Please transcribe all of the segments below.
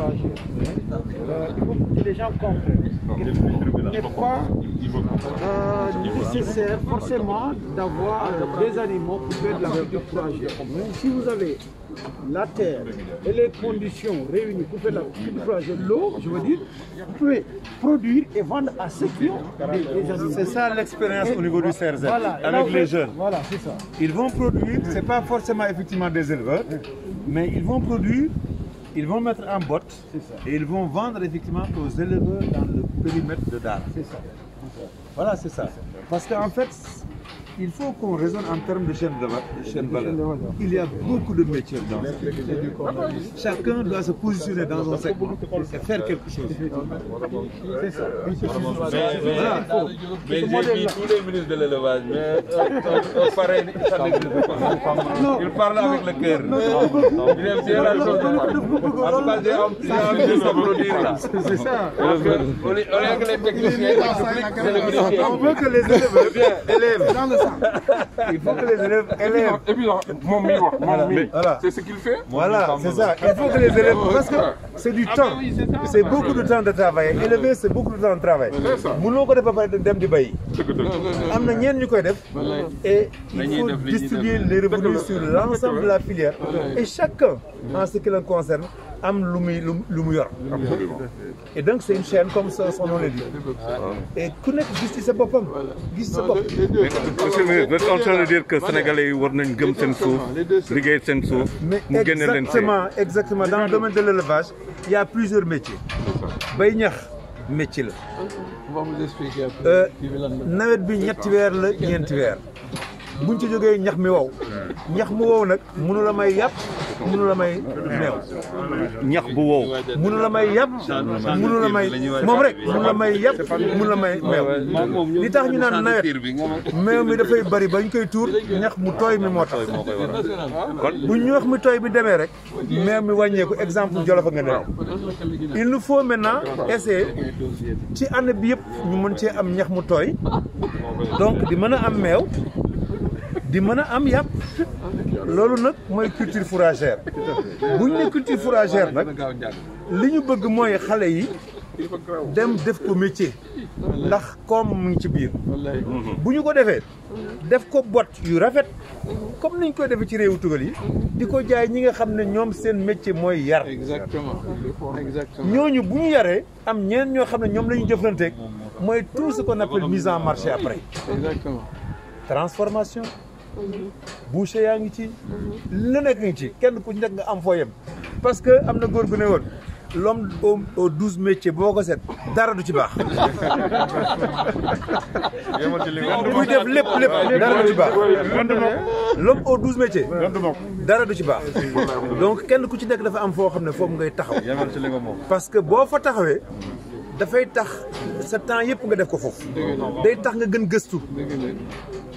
Euh, il faut que les gens comprennent. n'est pas euh, nécessaire forcément d'avoir euh, des animaux pour faire de la culture pro-agir Si vous avez la terre et les conditions réunies pour faire de la culture l'eau, je veux dire, vous pouvez produire et vendre à ceux qui ont C'est ça l'expérience au niveau du CRZ, avec les jeunes. Voilà, c'est ça. Ils vont produire, c'est pas forcément effectivement des éleveurs, mais ils vont produire ils vont mettre un bot et ils vont vendre effectivement aux éleveurs dans le périmètre de Dar. Voilà, c'est ça. Parce qu'en fait, il faut qu'on raisonne en termes de chaîne de, valeur. Il y a beaucoup de métiers dans ce Chacun doit se positionner dans un secteur et faire quelque chose. C'est ça. Mais, j'ai mis tous les ministres de l'élevage, mais pareil, ça n'existe pas. Il parle avec le cœur. Il aime bien la chose. En tout cas, j'ai envie de s'applaudir là. C'est ça. On est que les techniciens, c'est le ministre. On veut que les élèves eh élèves. Il faut que les élèves élèvent. Et puis, mon miroir. mon C'est ce qu'il fait Voilà, c'est ça. Il faut que les élèves. Parce que c'est du ah temps c'est beaucoup de temps de travail élever c'est beaucoup de temps de travail mënoo ne def pas pare dem di bay am na ñeen ñu def et il faut distribuer les revenus sur l'ensemble de la filière et chacun en ce qui le concerne a lu muy lu et donc c'est une chaîne comme ça son nom le dit et connaître juste gis ci Juste boppam gis monsieur le ministre vous êtes en train de dire que sénégalais Sénégal, war nañ gëm seen de liggéey seen suuf mu génne exactement exactement dans le domaine de l'élevage il y a plusieurs métiers. bay ñax métier la. Euh, nawet bi ñetti weer la ñeenti weer buñ ci jógee ñax mi wow. ñax hmm. mu wow nag mënu la may yàpp. mënu la may meew. ñax bu wow. mënu la may yàpp. mënu la may moom rek mënu la may yàpp mënu la may meew. li tax ñu naan nawet meew mi dafay bari ba ñu koy tuur ñax mu tooy mi moo tax. kon bu ñax mi tooy bi demee rek meew mi wàññeeku exemple Jolof a nga demee. il nous faut maintenant ci année bi yëpp ñu mën cee am ñax mu tooy donc di mën a am meew. di am yap, loolu nak moy culture fourragère bu ne culture fourragère nak liñu bëgg moy xalé yi dem def ko métier ndax koom mu ngi ci biir bu ko défé def ko bot yu rafet comme niñ koy défé ci réewu tugal yi diko jaay ñi nga xamné ñom seen métier moy yar exactement ñoñu buñu ñu am ñeen ño xamné ñom lañu jëfënté moy tout ce qu'on appelle mise en marché après exactement transformation boucher yaa ci le nek ngi ci kenn parce que l'homme aux douze métiers boko set l'homme au douze métiers donc kenn ku ci nekk dafa am fo xamne parce que bo fa sa temps yëpp nga def ko foofu day tax nga gën gëstu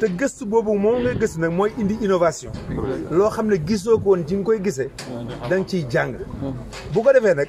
te gëstu boobu moo ngay gëstu nag mooy indi innovation loo xam ne gisoo ko woon nga koy gisee da nga ciy jàng bu ko defee nag